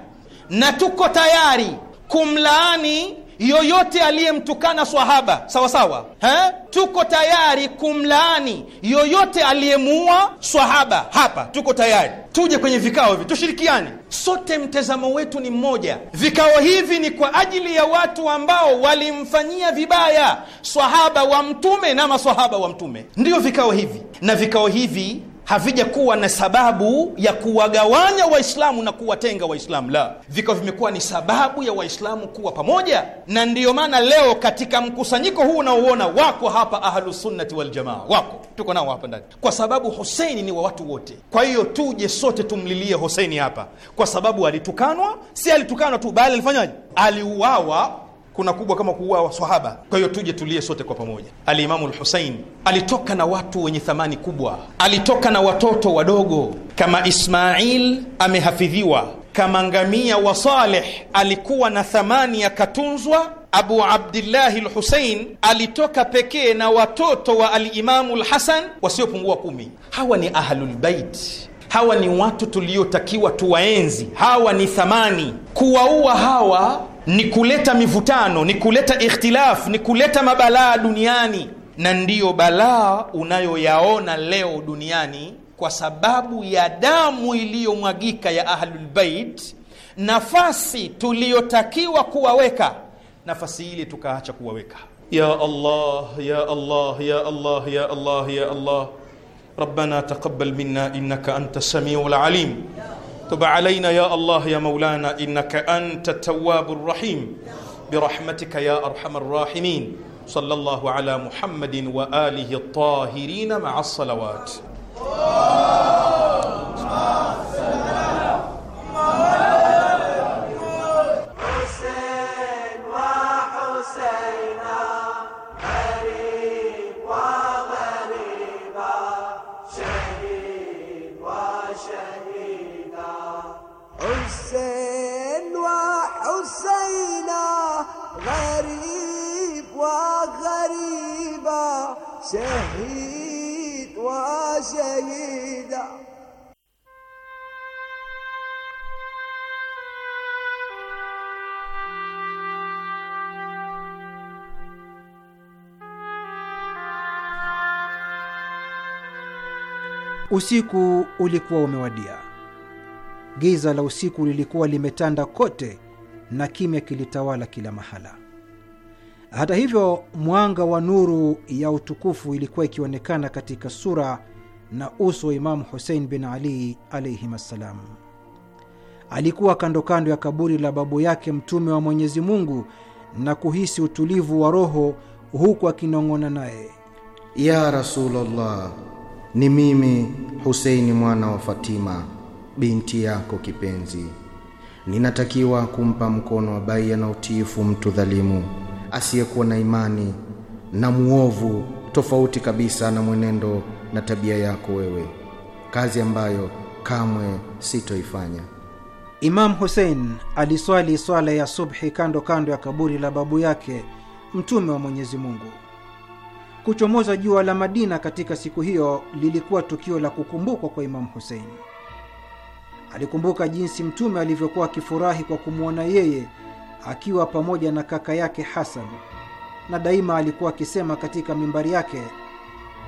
na tuko tayari kumlaani yoyote aliyemtukana swahaba sawasawa, sawa. Tuko tayari kumlaani yoyote aliyemuua swahaba hapa, tuko tayari. Tuje kwenye vikao hivi tushirikiane sote, mtazamo wetu ni mmoja. Vikao hivi ni kwa ajili ya watu ambao walimfanyia vibaya swahaba wa Mtume na maswahaba wa Mtume, ndiyo vikao hivi. Na vikao hivi havijakuwa na sababu ya kuwagawanya Waislamu na kuwatenga Waislamu, la, vikawa vimekuwa ni sababu ya Waislamu kuwa pamoja. Na ndiyo maana leo katika mkusanyiko huu unaouona wako hapa Ahlusunnati Waljamaa, wako tuko nao hapa ndani, kwa sababu Hoseini ni wa watu wote. Kwa hiyo tuje sote tumlilie Hoseini hapa, kwa sababu alitukanwa, si alitukanwa tu, bali alifanyaje? Aliuawa kuna kubwa kama kuua waswahaba. Kwa hiyo tuje tulie sote kwa pamoja. Alimamu Lhusein alitoka na watu wenye thamani kubwa, alitoka na watoto wadogo kama Ismail amehafidhiwa, kama ngamia wa Saleh alikuwa na thamani katunzwa Abu Abdillahi Lhusein alitoka pekee na watoto wa Alimamu Lhasan wasiopungua kumi. Hawa ni Ahlulbait. Hawa ni watu tuliotakiwa tuwaenzi. Hawa ni thamani. Kuwaua hawa ni kuleta mivutano, ni kuleta ikhtilaf, ni kuleta mabalaa duniani, na ndiyo balaa unayoyaona leo duniani kwa sababu ya damu iliyomwagika ya Ahlulbeit. Nafasi tuliyotakiwa kuwaweka, nafasi ile tukaacha kuwaweka. Ya Allah, ya Allah, ya Allah, ya Allah, ya Allah, rabbana taqabbal minna innaka anta samiul lalim تب علينا يا الله يا مولانا إنك أنت التواب الرحيم برحمتك يا أرحم الراحمين صلى الله على محمد وآله الطاهرين مع الصلوات Usiku ulikuwa umewadia. Giza la usiku lilikuwa limetanda kote na kimya kilitawala kila mahala. Hata hivyo, mwanga wa nuru ya utukufu ilikuwa ikionekana katika sura na uso wa Imamu Husein bin Ali alaihim assalam. Alikuwa kando kando ya kaburi la babu yake Mtume wa Mwenyezi Mungu na kuhisi utulivu wa roho, huku akinong'ona naye, ya Rasulullah ni mimi Huseini mwana wa Fatima binti yako kipenzi. Ninatakiwa kumpa mkono wa baia na utiifu mtu dhalimu asiyekuwa na imani na muovu, tofauti kabisa na mwenendo na tabia yako wewe, kazi ambayo kamwe sitoifanya. Imamu Husein aliswali swala ya subhi kando kando ya kaburi la babu yake Mtume wa Mwenyezi Mungu. Kuchomoza jua la Madina katika siku hiyo lilikuwa tukio la kukumbukwa kwa Imamu Husein. Alikumbuka jinsi Mtume alivyokuwa akifurahi kwa kumwona yeye akiwa pamoja na kaka yake Hasan, na daima alikuwa akisema katika mimbari yake,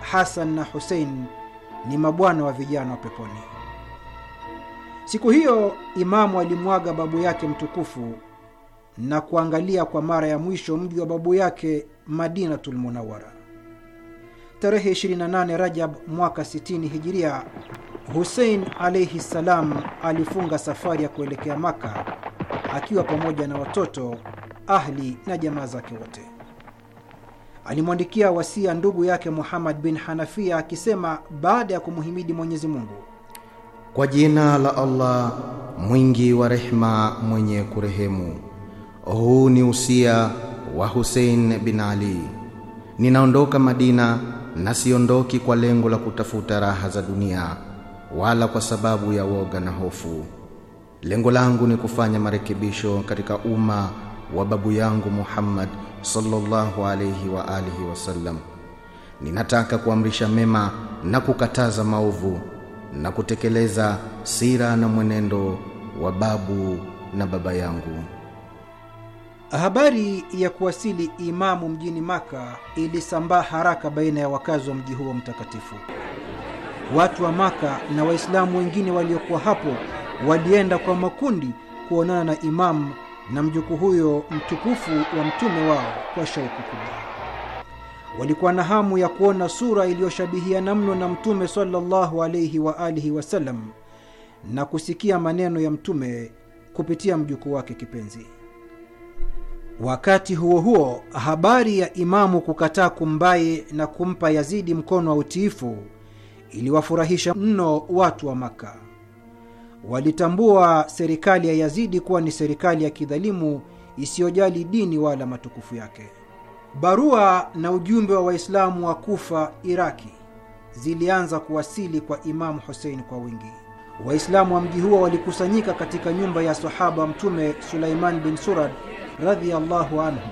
Hasan na Husein ni mabwana wa vijana wa peponi. Siku hiyo Imamu alimwaga babu yake mtukufu na kuangalia kwa mara ya mwisho mji wa babu yake Madinatul Munawara tarehe 28 Rajab mwaka 60 Hijiria, Hussein alaihi ssalam alifunga safari ya kuelekea Maka akiwa pamoja na watoto, ahli na jamaa zake wote. Alimwandikia wasia ndugu yake Muhammad bin Hanafia akisema, baada ya kumuhimidi Mwenyezi Mungu: kwa jina la Allah mwingi wa rehma mwenye kurehemu. Huu ni usia wa Hussein bin Ali. Ninaondoka Madina na siondoki kwa lengo la kutafuta raha za dunia wala kwa sababu ya woga na hofu. Lengo langu ni kufanya marekebisho katika umma wa babu yangu Muhammad sallallahu alayhi wa alihi wasallam. Ninataka kuamrisha mema na kukataza maovu na kutekeleza sira na mwenendo wa babu na baba yangu. Habari ya kuwasili Imamu mjini Maka ilisambaa haraka baina ya wakazi wa mji huo mtakatifu. Watu wa Maka na Waislamu wengine waliokuwa hapo walienda kwa makundi kuonana na Imamu na mjukuu huyo mtukufu wa mtume wao kwa shauku kubwa. Walikuwa na hamu ya kuona sura iliyoshabihiana mno na Mtume sallallahu alaihi wa alihi wasallam na kusikia maneno ya Mtume kupitia mjukuu wake kipenzi. Wakati huo huo, habari ya Imamu kukataa kumbai na kumpa Yazidi mkono wa utiifu iliwafurahisha mno watu wa maka Walitambua serikali ya Yazidi kuwa ni serikali ya kidhalimu isiyojali dini wala matukufu yake. Barua na ujumbe wa Waislamu wa Kufa, Iraki, zilianza kuwasili kwa Imamu Husein kwa wingi. Waislamu wa mji huo walikusanyika katika nyumba ya sahaba Mtume Sulaiman bin Surad radhiallahu anhu,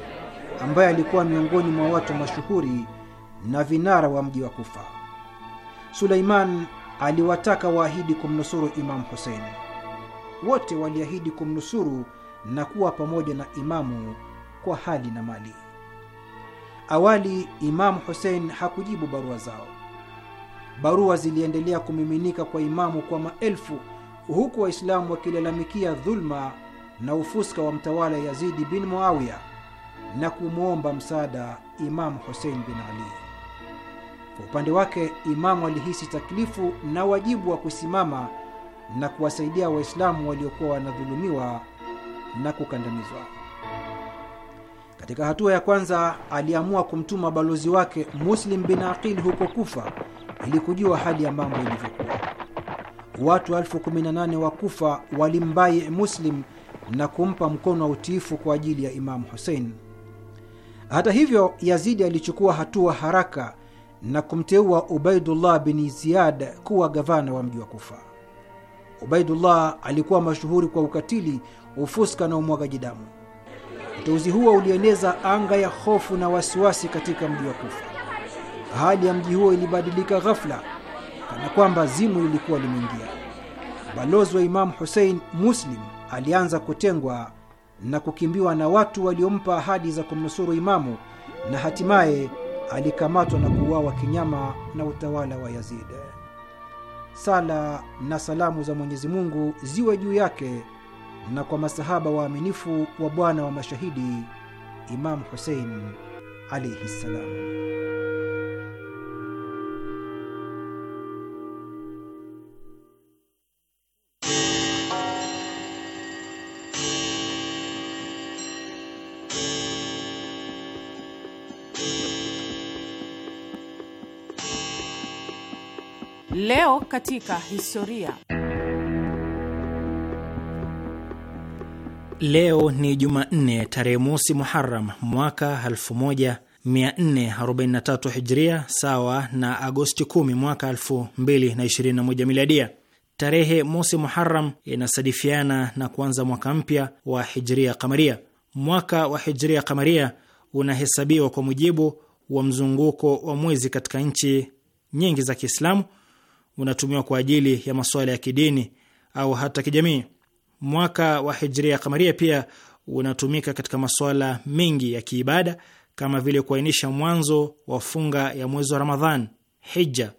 ambaye alikuwa miongoni mwa watu mashuhuri na vinara wa mji wa Kufa. Sulaiman aliwataka waahidi kumnusuru Imamu Husein. Wote waliahidi kumnusuru na kuwa pamoja na Imamu kwa hali na mali. Awali Imamu Husein hakujibu barua zao. Barua ziliendelea kumiminika kwa imamu kwa maelfu, huku Waislamu wakilalamikia dhuluma na ufuska wa mtawala Yazidi bin Muawiya na kumwomba msaada Imamu Husein bin Ali. Kwa upande wake, imamu alihisi taklifu na wajibu wa kusimama na kuwasaidia Waislamu waliokuwa wanadhulumiwa na kukandamizwa. Katika hatua ya kwanza, aliamua kumtuma balozi wake Muslim bin Aqil huko Kufa ili kujua hali ya mambo ilivyokuwa. Watu elfu kumi na nane wa Kufa walimbai Muslim na kumpa mkono wa utiifu kwa ajili ya Imamu Husein. Hata hivyo, Yazidi alichukua hatua haraka na kumteua Ubaidullah bin Ziyad kuwa gavana wa mji wa Kufa. Ubaidullah alikuwa mashuhuri kwa ukatili, ufuska na umwagaji damu. Uteuzi huo ulieneza anga ya hofu na wasiwasi katika mji wa Kufa hali ya mji huo ilibadilika ghafla, kana kwamba zimu lilikuwa limeingia. Balozi wa Imamu Husein Muslim alianza kutengwa na kukimbiwa na watu waliompa ahadi za kumnusuru Imamu, na hatimaye alikamatwa na kuuawa kinyama na utawala wa Yazid. Sala na salamu za Mwenyezi Mungu ziwe juu yake na kwa masahaba waaminifu wa bwana wa mashahidi Imamu Husein alaihi ssalam. Leo katika historia. Leo ni Jumanne tarehe mosi Muharam mwaka 1443 Hijria, sawa na Agosti 10 mwaka 2021 Miladia. Tarehe mosi Muharam inasadifiana na kuanza mwaka mpya wa Hijria Kamaria. Mwaka wa Hijria Kamaria unahesabiwa kwa mujibu wa mzunguko wa mwezi katika nchi nyingi za Kiislamu unatumiwa kwa ajili ya masuala ya kidini au hata kijamii. Mwaka wa hijria kamaria pia unatumika katika masuala mengi ya kiibada kama vile kuainisha mwanzo wa funga ya mwezi wa Ramadhan, hija,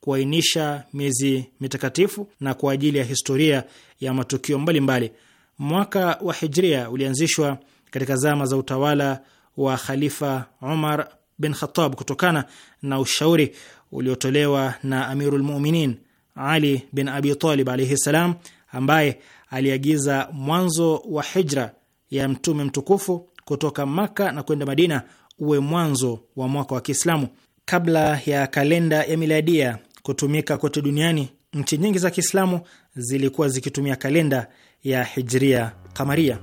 kuainisha miezi mitakatifu na kwa ajili ya historia ya matukio mbalimbali mbali. Mwaka wa hijria ulianzishwa katika zama za utawala wa Khalifa Umar bin Khattab kutokana na ushauri uliotolewa na Amirul Muminin Ali bin Abi Talib alaihi ssalam, ambaye aliagiza mwanzo wa hijra ya mtume mtukufu kutoka Makka na kwenda Madina uwe mwanzo wa mwaka wa Kiislamu. Kabla ya kalenda ya miladia kutumika kote duniani, nchi nyingi za Kiislamu zilikuwa zikitumia kalenda ya hijria kamaria.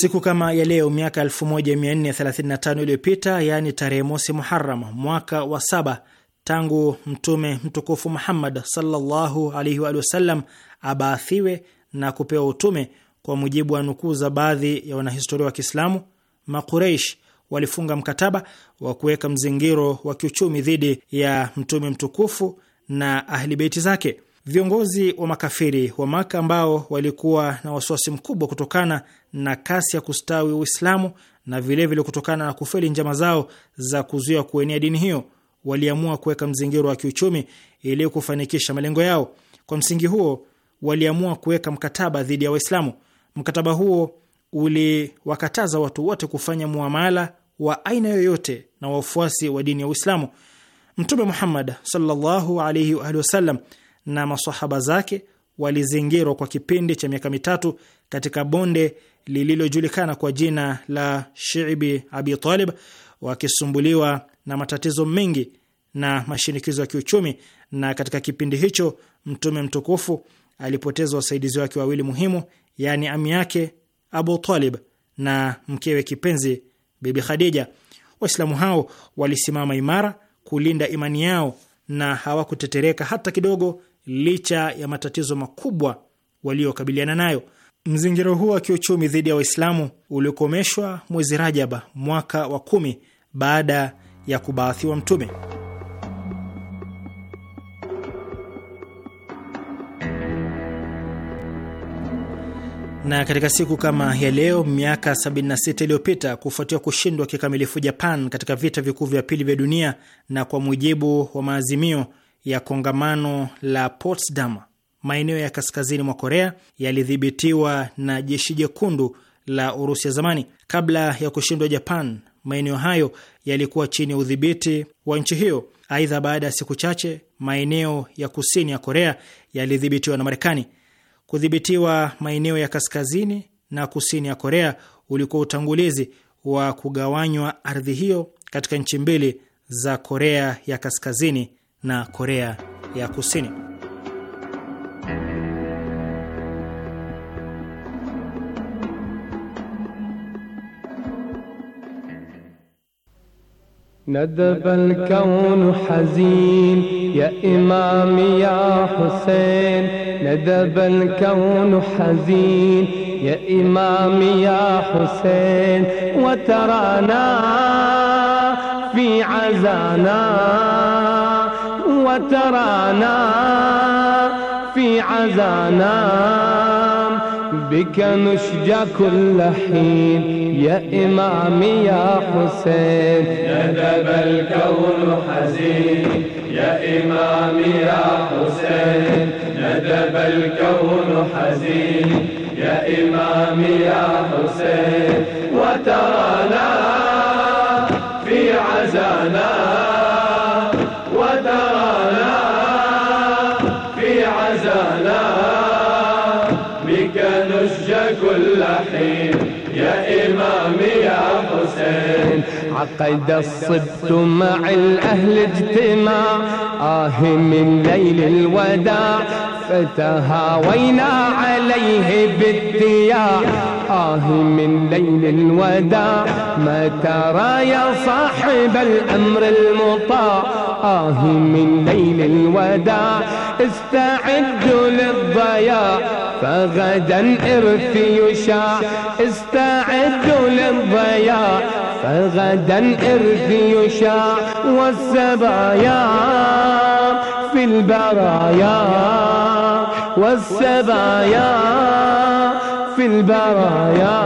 Siku kama ya leo miaka 1435 iliyopita, yaani tarehe mosi muharam mwaka wa saba tangu Mtume mtukufu Muhammad sallallahu alaihi wa sallam abaathiwe na kupewa utume, kwa mujibu wa nukuu za baadhi ya wanahistoria wa Kiislamu, Makureish walifunga mkataba wa kuweka mzingiro wa kiuchumi dhidi ya mtume mtukufu na ahli beiti zake. Viongozi wa makafiri wa Maka ambao walikuwa na wasiwasi mkubwa kutokana na kasi ya kustawi Uislamu na vilevile vile kutokana na kufeli njama zao za kuzuia kuenea dini hiyo, waliamua kuweka mzingiro wa kiuchumi ili kufanikisha malengo yao. Kwa msingi huo, waliamua kuweka mkataba dhidi ya Waislamu. Mkataba huo uliwakataza watu wote kufanya muamala wa aina yoyote na wafuasi wa dini ya Uislamu. Mtume Muhammad sallallahu alaihi wa alihi wasallam na masahaba zake walizingirwa kwa kipindi cha miaka mitatu katika bonde lililojulikana kwa jina la Shiibi Abi Talib wakisumbuliwa na matatizo mengi na mashinikizo ya kiuchumi, na katika kipindi hicho Mtume mtukufu alipoteza wasaidizi wake wawili muhimu, yaani ami yake Abu Talib na mkewe kipenzi Bibi Khadija. Waislamu hao walisimama imara kulinda imani yao na hawakutetereka hata kidogo, licha ya matatizo makubwa waliokabiliana nayo. Mzingiro huu wa kiuchumi dhidi ya Waislamu uliokomeshwa mwezi Rajaba mwaka wa kumi baada ya kubaathiwa Mtume. Na katika siku kama ya leo miaka 76 iliyopita, kufuatia kushindwa kikamilifu Japan katika vita vikuu vya pili vya dunia na kwa mujibu wa maazimio ya kongamano la Potsdam maeneo ya kaskazini mwa Korea yalidhibitiwa na jeshi jekundu la Urusi ya zamani. Kabla ya kushindwa Japan, maeneo hayo yalikuwa chini ya udhibiti wa nchi hiyo. Aidha, baada ya siku chache, maeneo ya kusini ya Korea yalidhibitiwa na Marekani. Kudhibitiwa maeneo ya kaskazini na kusini ya Korea ulikuwa utangulizi wa kugawanywa ardhi hiyo katika nchi mbili za Korea ya kaskazini na Korea ya kusini. ندب الكون حزين يا إمام يا حسين ندب الكون حزين يا إمام يا حسين وترانا في عزانا وترانا في عزانا بك نشجى كل حين يا إمام يا حسين ندب الكون حزين يا إمام يا حسين ندب الكون حزين يا إمام يا حسين وترانا عقد الصبت مع الأهل اجتماع آه من ليل الوداع فتهاوينا عليه بالدياع آه من ليل الوداع ما ترى يا صاحب الأمر المطاع آه من ليل الوداع استعدوا للضياع فغدا إرث يشاع استعدوا للضياع غدا إرثي يشاع والسبايا في البرايا والسبايا في البرايا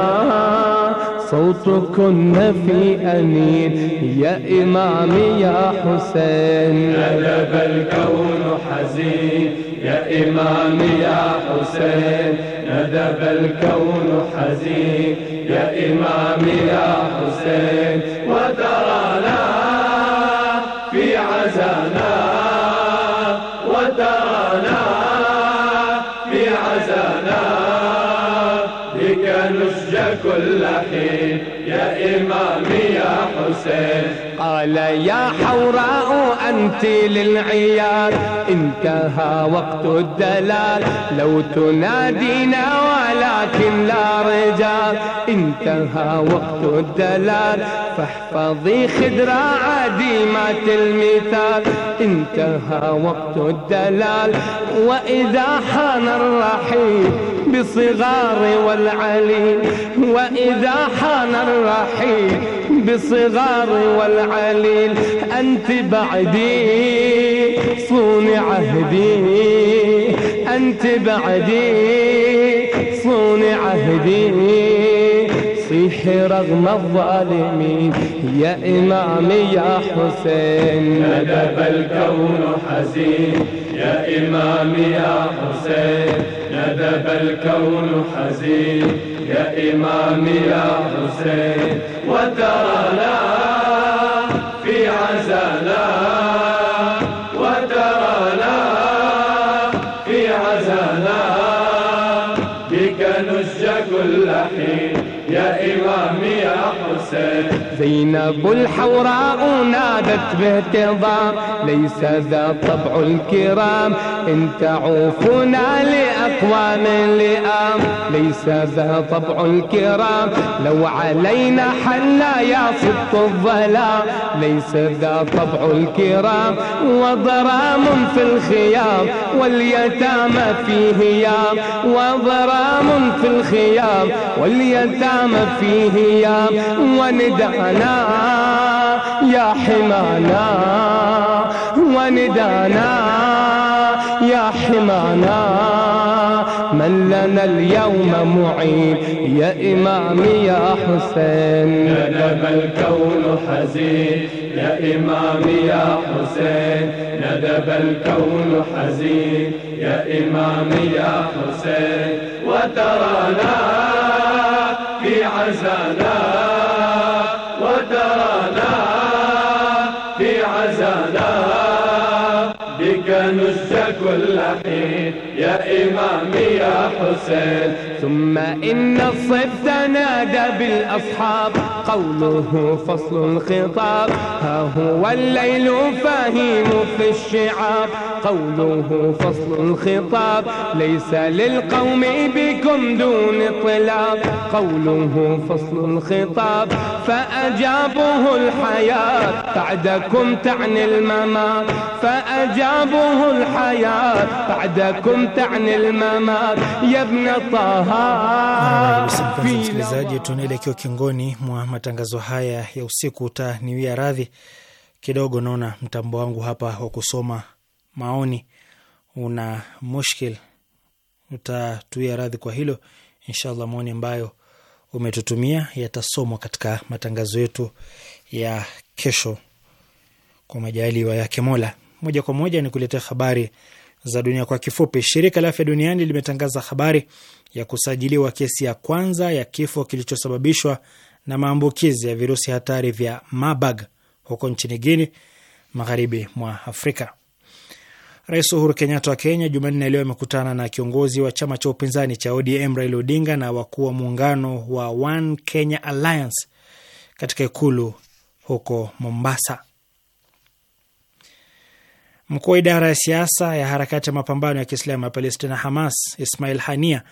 صوتكن في أنين يا إمام يا حسين لدب الكون حزين يا إمام يا حسين ندب الكون حزين يا إمام يا حسين ودرى قال يا حوراء أنت للعيار انتهى وقت الدلال لو تنادينا ولكن لا رجال انتهى وقت الدلال فاحفظي خدر عديمة المثال انتهى وقت الدلال وإذا حان الرحيل بالصغار والعليل وإذا حان الرحيل بالصغار والعليل أنت بعدي صون عهدي أنت بعدي صون عهدي ريح رغم الظالمين يا إمامي يا حسين ندب الكون حزين يا إمامي يا حسين ندب الكون حزين يا إمامي يا حسين وترانا في عزانا زينب الحوراء نادت باهتضام ليس ذا طبع الكرام ان تعوفنا لأقوام لئام ليس ذا طبع الكرام لو علينا حلا يا صبط الظلام ليس ذا طبع الكرام وضرام في الخيام واليتامى في هيام وضرام في الخيام واليتامى في هيام وندى وندانا يا حمانا وندانا يا حمانا من لنا اليوم معين يا إمامي يا حسين ندم الكون حزين يا إمامي يا حسين ندب الكون حزين يا إمامي يا حسين وترانا في عزانا الحميد يا إمامي يا حسين ثم إن الصف تنادى بالأصحاب قوله فصل الخطاب ها هو الليل فهيم في الشعاب قوله فصل الخطاب ليس للقوم بكم دون طلاب قوله فصل الخطاب فأجابه الحياة بعدكم تعني الممات فأجابه الحياة بعدكم lam ta'nil mamar ya ibn Msikilizaji, tunaelekea kingoni mwa matangazo haya ya usiku, utaniwia radhi kidogo, naona mtambo wangu hapa wa kusoma maoni una mushkil, utatuia radhi kwa hilo. Inshallah, maoni ambayo umetutumia yatasomwa katika matangazo yetu ya kesho kwa majaliwa yake Mola. Moja kwa moja ni kuletea habari za dunia. Kwa kifupi, shirika la afya duniani limetangaza habari ya kusajiliwa kesi ya kwanza ya kifo kilichosababishwa na maambukizi ya virusi hatari vya Marburg huko nchini Guini, magharibi mwa Afrika. Rais Uhuru Kenyatta wa Kenya Jumanne leo amekutana na kiongozi wa chama cha upinzani cha ODM Raila Odinga na wakuu wa muungano wa One Kenya Alliance katika ikulu huko Mombasa. Mkuu wa idara ya siasa ya harakati ya mapambano ya Kiislamu ya Palestina, Hamas, Ismail Hania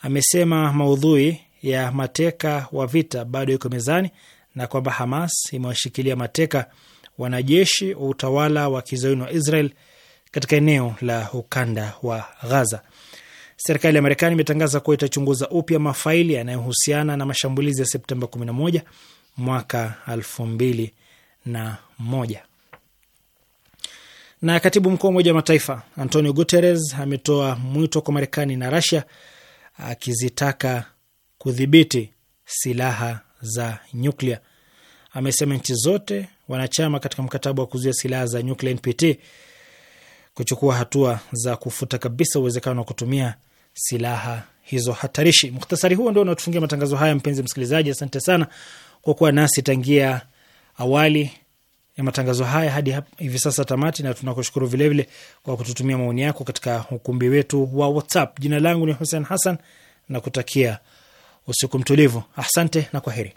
amesema maudhui ya mateka wa vita bado iko mezani na kwamba Hamas imewashikilia mateka wanajeshi wa utawala wa kizayuni wa Israel katika eneo la ukanda wa Ghaza. Serikali ya Marekani imetangaza kuwa itachunguza upya mafaili yanayohusiana na mashambulizi ya Septemba 11 mwaka 2001. Na katibu mkuu wa Umoja wa Mataifa Antonio Guterres ametoa mwito kwa Marekani na Rasia akizitaka kudhibiti silaha za nyuklia. Amesema nchi zote wanachama katika mkataba wa kuzuia silaha za nyuklia NPT kuchukua hatua za kufuta kabisa uwezekano wa kutumia silaha hizo hatarishi. Mukhtasari huo ndio unaotufungia matangazo haya, mpenzi msikilizaji. Asante sana kwa kuwa nasi tangia awali ya matangazo haya hadi hivi sasa tamati, na tunakushukuru vilevile kwa kututumia maoni yako katika ukumbi wetu wa WhatsApp. Jina langu ni Hussein Hassan na kutakia usiku mtulivu. Asante na kwa heri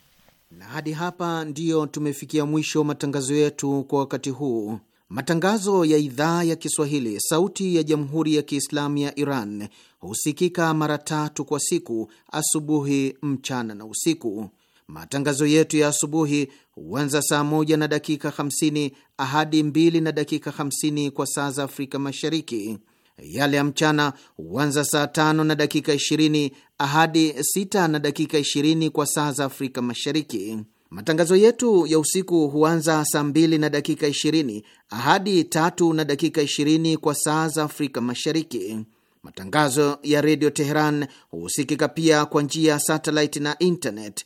Na hadi hapa ndiyo tumefikia mwisho matangazo yetu kwa wakati huu. Matangazo ya idhaa ya Kiswahili sauti ya jamhuri ya Kiislamu ya Iran husikika mara tatu kwa siku: asubuhi, mchana na usiku Matangazo yetu ya asubuhi huanza saa moja na dakika 50 ahadi mbili na dakika 50 kwa saa za Afrika Mashariki. Yale ya mchana huanza saa tano na dakika 20 ahadi 6 na dakika 20 kwa saa za Afrika Mashariki. Matangazo yetu ya usiku huanza saa mbili na dakika 20 ahadi tatu na dakika 20 kwa saa za Afrika Mashariki. Matangazo ya Redio Teheran husikika pia kwa njia ya satellite na internet.